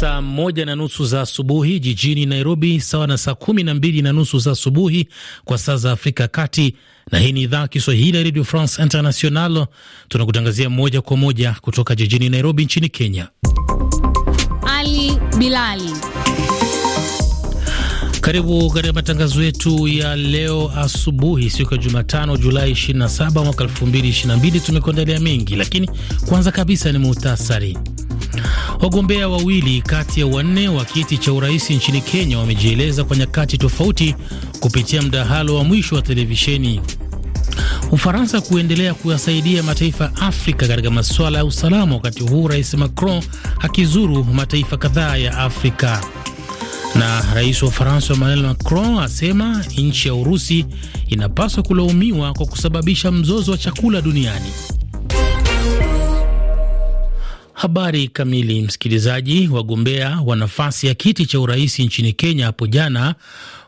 saa moja na nusu za asubuhi jijini Nairobi, sawa na saa kumi na mbili na nusu za asubuhi kwa saa za Afrika ya Kati. Na hii ni idhaa Kiswahili ya Radio France International, tunakutangazia moja kwa moja kutoka jijini Nairobi nchini Kenya. Ali Bilali, karibu katika matangazo yetu ya leo asubuhi, siku ya Jumatano Julai 27 mwaka 2022. Tumekuandalia mengi, lakini kwanza kabisa ni muhtasari Wagombea wawili kati ya wanne wa kiti cha urais nchini Kenya wamejieleza kwa nyakati tofauti kupitia mdahalo wa mwisho wa televisheni. Ufaransa kuendelea kuyasaidia mataifa ya Afrika katika masuala ya usalama, wakati huu Rais Macron akizuru mataifa kadhaa ya Afrika. Na rais wa Ufaransa Emmanuel Macron asema nchi ya Urusi inapaswa kulaumiwa kwa kusababisha mzozo wa chakula duniani. Habari kamili, msikilizaji. Wagombea wa nafasi ya kiti cha urais nchini Kenya hapo jana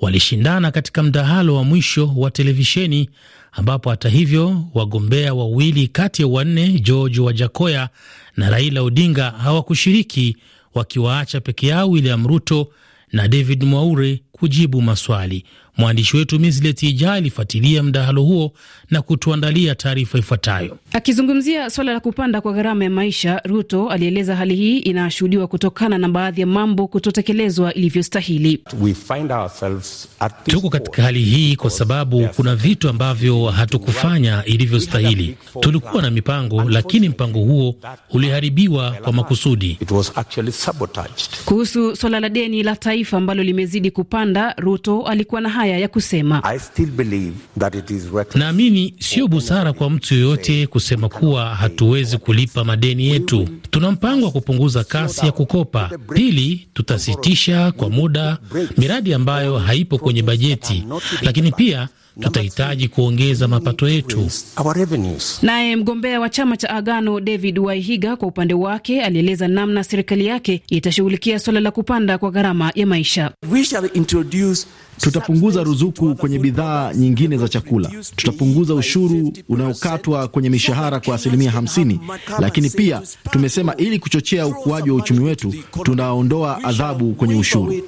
walishindana katika mdahalo wa mwisho wa televisheni, ambapo hata hivyo wagombea wawili kati ya wanne, George Wajakoya na Raila Odinga, hawakushiriki wakiwaacha peke yao William Ruto na David Mwaure kujibu maswali. Mwandishi wetu Mislet Ija alifuatilia mdahalo huo na kutuandalia taarifa ifuatayo. Akizungumzia suala la kupanda kwa gharama ya maisha, Ruto alieleza hali hii inashuhudiwa kutokana na baadhi ya mambo kutotekelezwa ilivyostahili. Tuko katika hali hii kwa sababu kuna vitu ambavyo hatukufanya ilivyostahili. Tulikuwa na mipango, lakini mpango huo uliharibiwa kwa makusudi. Kuhusu suala la deni la taifa ambalo limezidi kupanda Uganda, Ruto alikuwa na haya ya kusema: naamini sio busara kwa mtu yoyote kusema kuwa hatuwezi kulipa madeni yetu. Tuna mpango wa kupunguza kasi ya kukopa. Pili, tutasitisha kwa muda miradi ambayo haipo kwenye bajeti, lakini pia tutahitaji kuongeza mapato yetu. Naye mgombea wa chama cha Agano David Waihiga kwa upande wake alieleza namna serikali yake itashughulikia suala la kupanda kwa gharama ya maisha. We shall Tutapunguza ruzuku kwenye bidhaa nyingine za chakula. Tutapunguza ushuru unaokatwa kwenye mishahara kwa asilimia 50. Lakini pia tumesema, ili kuchochea ukuaji wa uchumi wetu, tunaondoa adhabu kwenye ushuru.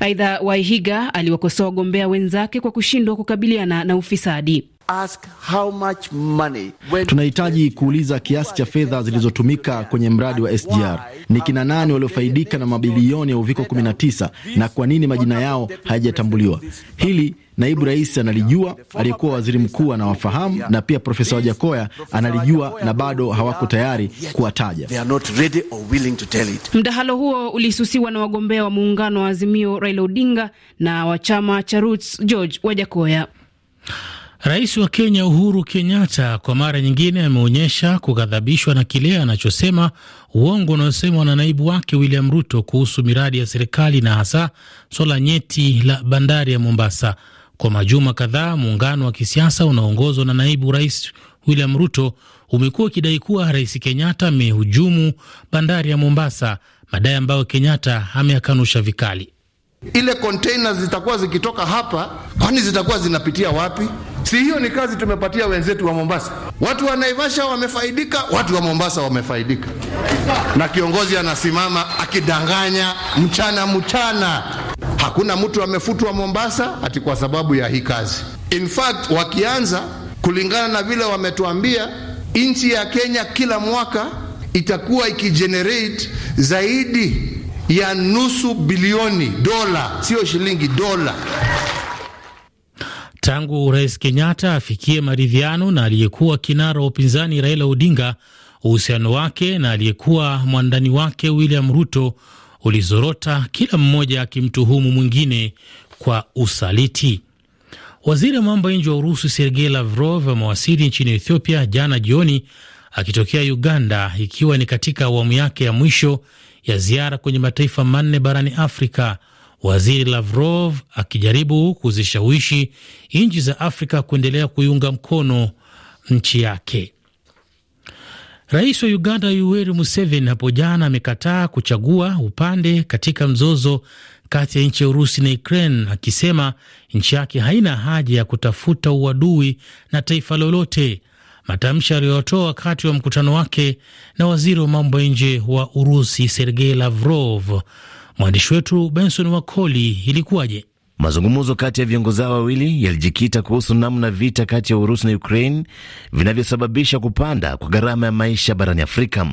Aidha, Waihiga aliwakosoa wagombea wenzake kwa kushindwa kukabiliana na ufisadi ask how much money when... tunahitaji kuuliza kiasi cha fedha zilizotumika kwenye mradi wa SGR. Ni kina nani waliofaidika na mabilioni ya uviko 19 na kwa nini majina yao hayajatambuliwa? Hili naibu rais analijua, aliyekuwa waziri mkuu anawafahamu, na pia Profesa Wajakoya analijua na bado hawako tayari kuwataja. Mdahalo huo ulisusiwa na wagombea wa muungano wa Azimio Raila Odinga na wa chama cha Roots George Wajakoya. Rais wa Kenya Uhuru Kenyatta kwa mara nyingine ameonyesha kughadhabishwa na kile anachosema uongo unaosemwa na naibu wake William Ruto kuhusu miradi ya serikali na hasa swala nyeti la bandari ya Mombasa. Kwa majuma kadhaa, muungano wa kisiasa unaoongozwa na naibu rais William Ruto umekuwa ukidai kuwa Rais Kenyatta amehujumu bandari ya Mombasa, madai ambayo Kenyatta ameyakanusha vikali. Ile kontena zitakuwa zikitoka hapa, kwani zitakuwa zinapitia wapi? Si hiyo ni kazi tumepatia wenzetu wa Mombasa? Watu wa Naivasha wamefaidika, watu wa Mombasa wamefaidika, na kiongozi anasimama akidanganya mchana mchana. Hakuna mtu amefutwa Mombasa ati kwa sababu ya hii kazi. In fact, wakianza kulingana na vile wametuambia, nchi ya Kenya kila mwaka itakuwa ikigenerate zaidi ya nusu bilioni dola, sio shilingi, dola Tangu Rais Kenyatta afikie maridhiano na aliyekuwa kinara wa upinzani Raila Odinga, uhusiano wake na aliyekuwa mwandani wake William Ruto ulizorota, kila mmoja akimtuhumu mwingine kwa usaliti. Waziri wa mambo ya nje wa Urusi Sergei Lavrov amewasili nchini Ethiopia jana jioni akitokea Uganda, ikiwa ni katika awamu yake ya mwisho ya ziara kwenye mataifa manne barani Afrika waziri Lavrov akijaribu kuzishawishi nchi za Afrika kuendelea kuiunga mkono nchi yake. Rais wa Uganda Yoweri Museveni hapo jana amekataa kuchagua upande katika mzozo kati ya nchi ya Urusi na Ukraine, akisema nchi yake haina haja ya kutafuta uadui na taifa lolote. Matamshi aliyotoa wakati wa mkutano wake na waziri wa mambo ya nje wa Urusi Sergei Lavrov Mwandishi wetu Benson Wakoli, ilikuwaje? Mazungumzo kati ya viongozi hao wawili yalijikita kuhusu namna vita kati ya Urusi na Ukraine vinavyosababisha kupanda kwa gharama ya maisha barani Afrika.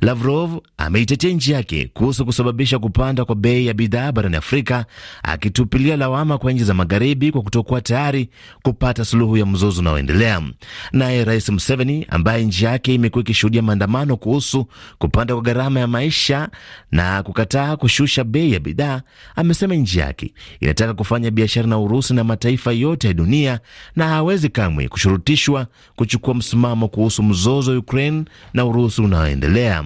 Lavrov ameitetea nchi yake kuhusu kusababisha kupanda kwa bei ya bidhaa barani Afrika, akitupilia lawama kwa nchi za Magharibi kwa kutokuwa tayari kupata suluhu ya mzozo unaoendelea. Naye Rais Museveni, ambaye nchi yake imekuwa ikishuhudia maandamano kuhusu kupanda kwa gharama ya maisha na kukataa kushusha bei ya bidhaa, amesema nchi yake inataka kufanya biashara na Urusi na mataifa yote ya dunia na hawezi kamwe kushurutishwa kuchukua msimamo kuhusu mzozo wa Ukraine na Urusi unaoendelea.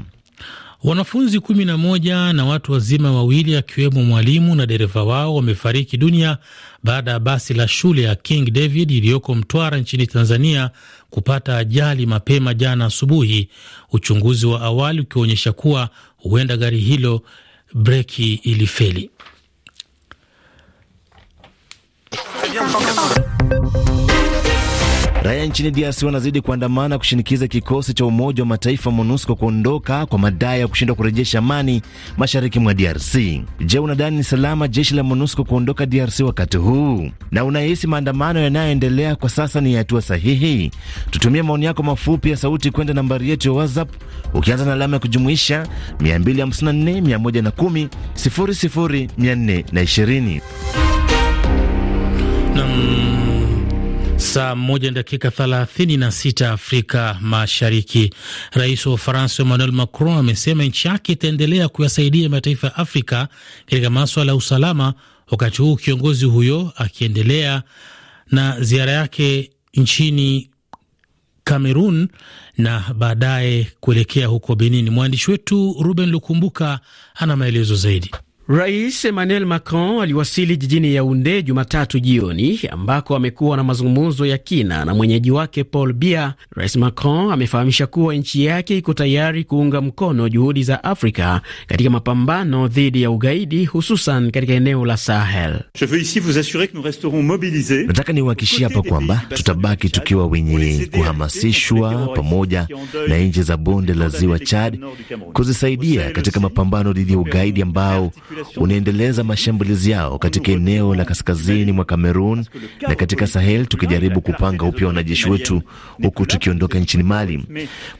Wanafunzi kumi na moja na watu wazima wawili akiwemo mwalimu na dereva wao wamefariki dunia baada ya basi la shule ya King David iliyoko Mtwara nchini Tanzania kupata ajali mapema jana asubuhi, uchunguzi wa awali ukionyesha kuwa huenda gari hilo breki ilifeli. Raia nchini DRC wanazidi kuandamana kushinikiza kikosi cha Umoja wa Mataifa MONUSCO kuondoka kwa madai ya kushindwa kurejesha amani mashariki mwa DRC. Je, unadhani ni salama jeshi la MONUSCO kuondoka DRC wakati huu, na unahisi maandamano yanayoendelea kwa sasa ni hatua sahihi? Tutumie maoni yako mafupi ya sauti kwenda nambari yetu ya WhatsApp ukianza na alama ya kujumuisha 254 110 000 420. Saa moja dakika thelathini na sita Afrika Mashariki. Rais wa Ufaransa Emmanuel Macron amesema nchi yake itaendelea kuyasaidia mataifa ya Afrika katika maswala ya usalama, wakati huu kiongozi huyo akiendelea na ziara yake nchini Kamerun na baadaye kuelekea huko Benin. Mwandishi wetu Ruben Lukumbuka ana maelezo zaidi. Rais Emmanuel Macron aliwasili jijini Yaunde Jumatatu jioni ambako amekuwa na mazungumzo ya kina na mwenyeji wake Paul Biya. Rais Macron amefahamisha kuwa nchi yake iko tayari kuunga mkono juhudi za Afrika katika mapambano dhidi ya ugaidi, hususan katika eneo la Sahel. Nataka niwahakishie hapa kwamba tutabaki tukiwa wenye kuhamasishwa pamoja na nchi za bonde la ziwa Chad kuzisaidia katika mapambano dhidi ya ugaidi ambao unaendeleza mashambulizi yao katika eneo la kaskazini mwa Kamerun na katika Sahel, tukijaribu kupanga upya wanajeshi wetu huku tukiondoka nchini Mali,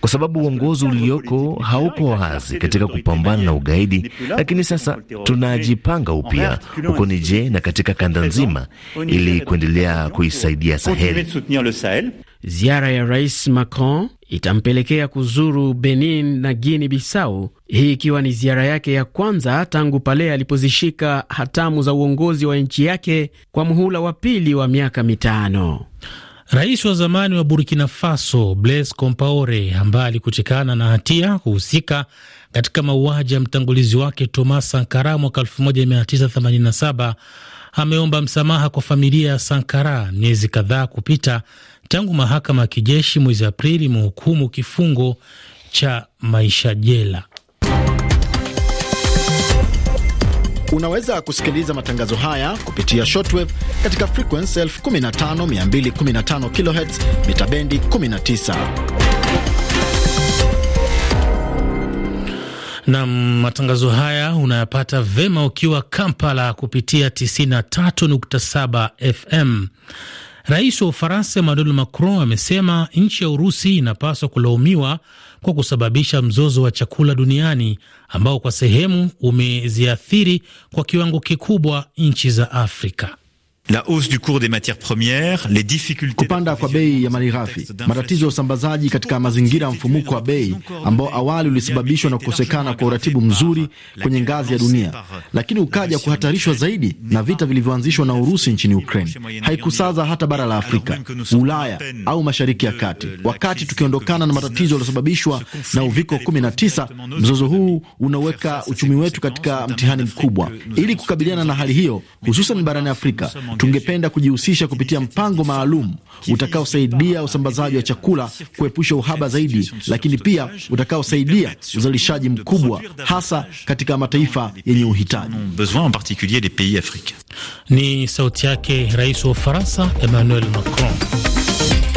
kwa sababu uongozi ulioko hauko wazi katika kupambana na ugaidi. Lakini sasa tunajipanga upya huko Niger na katika kanda nzima, ili kuendelea kuisaidia Sahel ziara ya Rais Macron itampelekea kuzuru Benin na Guinea Bissau, hii ikiwa ni ziara yake ya kwanza tangu pale alipozishika hatamu za uongozi wa nchi yake kwa muhula wa pili wa miaka mitano. Rais wa zamani wa Burkina Faso Blaise Compaore, ambaye alikutikana na hatia kuhusika katika mauaji ya mtangulizi wake Thomas Sankara mwaka 1987 ameomba msamaha kwa familia ya Sankara miezi kadhaa kupita tangu mahakama ya kijeshi mwezi Aprili imehukumu kifungo cha maisha jela. Unaweza kusikiliza matangazo haya kupitia shortwave katika frequency 15215 kh mita bendi 19. na matangazo haya unayapata vema ukiwa Kampala kupitia 93.7 FM. Rais wa Ufaransa Emmanuel Macron amesema nchi ya Urusi inapaswa kulaumiwa kwa kusababisha mzozo wa chakula duniani ambao kwa sehemu umeziathiri kwa kiwango kikubwa nchi za Afrika. La hausse du cours des matières premières, les difficultés kupanda kwa bei ya malighafi, matatizo ya usambazaji katika mazingira ya mfumuko wa bei ambao awali ulisababishwa na kukosekana kwa uratibu mzuri kwenye ngazi ya dunia, lakini ukaja kuhatarishwa zaidi na vita vilivyoanzishwa na Urusi nchini Ukraine. Haikusaza hata bara la Afrika, Ulaya au Mashariki ya Kati. Wakati tukiondokana na matatizo yaliyosababishwa na uviko 19, mzozo huu unaweka uchumi wetu katika mtihani mkubwa. Ili kukabiliana na hali hiyo, hususan barani Afrika, Tungependa kujihusisha kupitia mpango maalum utakaosaidia usambazaji wa chakula, kuepusha uhaba zaidi, lakini pia utakaosaidia uzalishaji mkubwa, hasa katika mataifa yenye uhitaji. Ni sauti yake Rais wa Ufaransa Emmanuel Macron.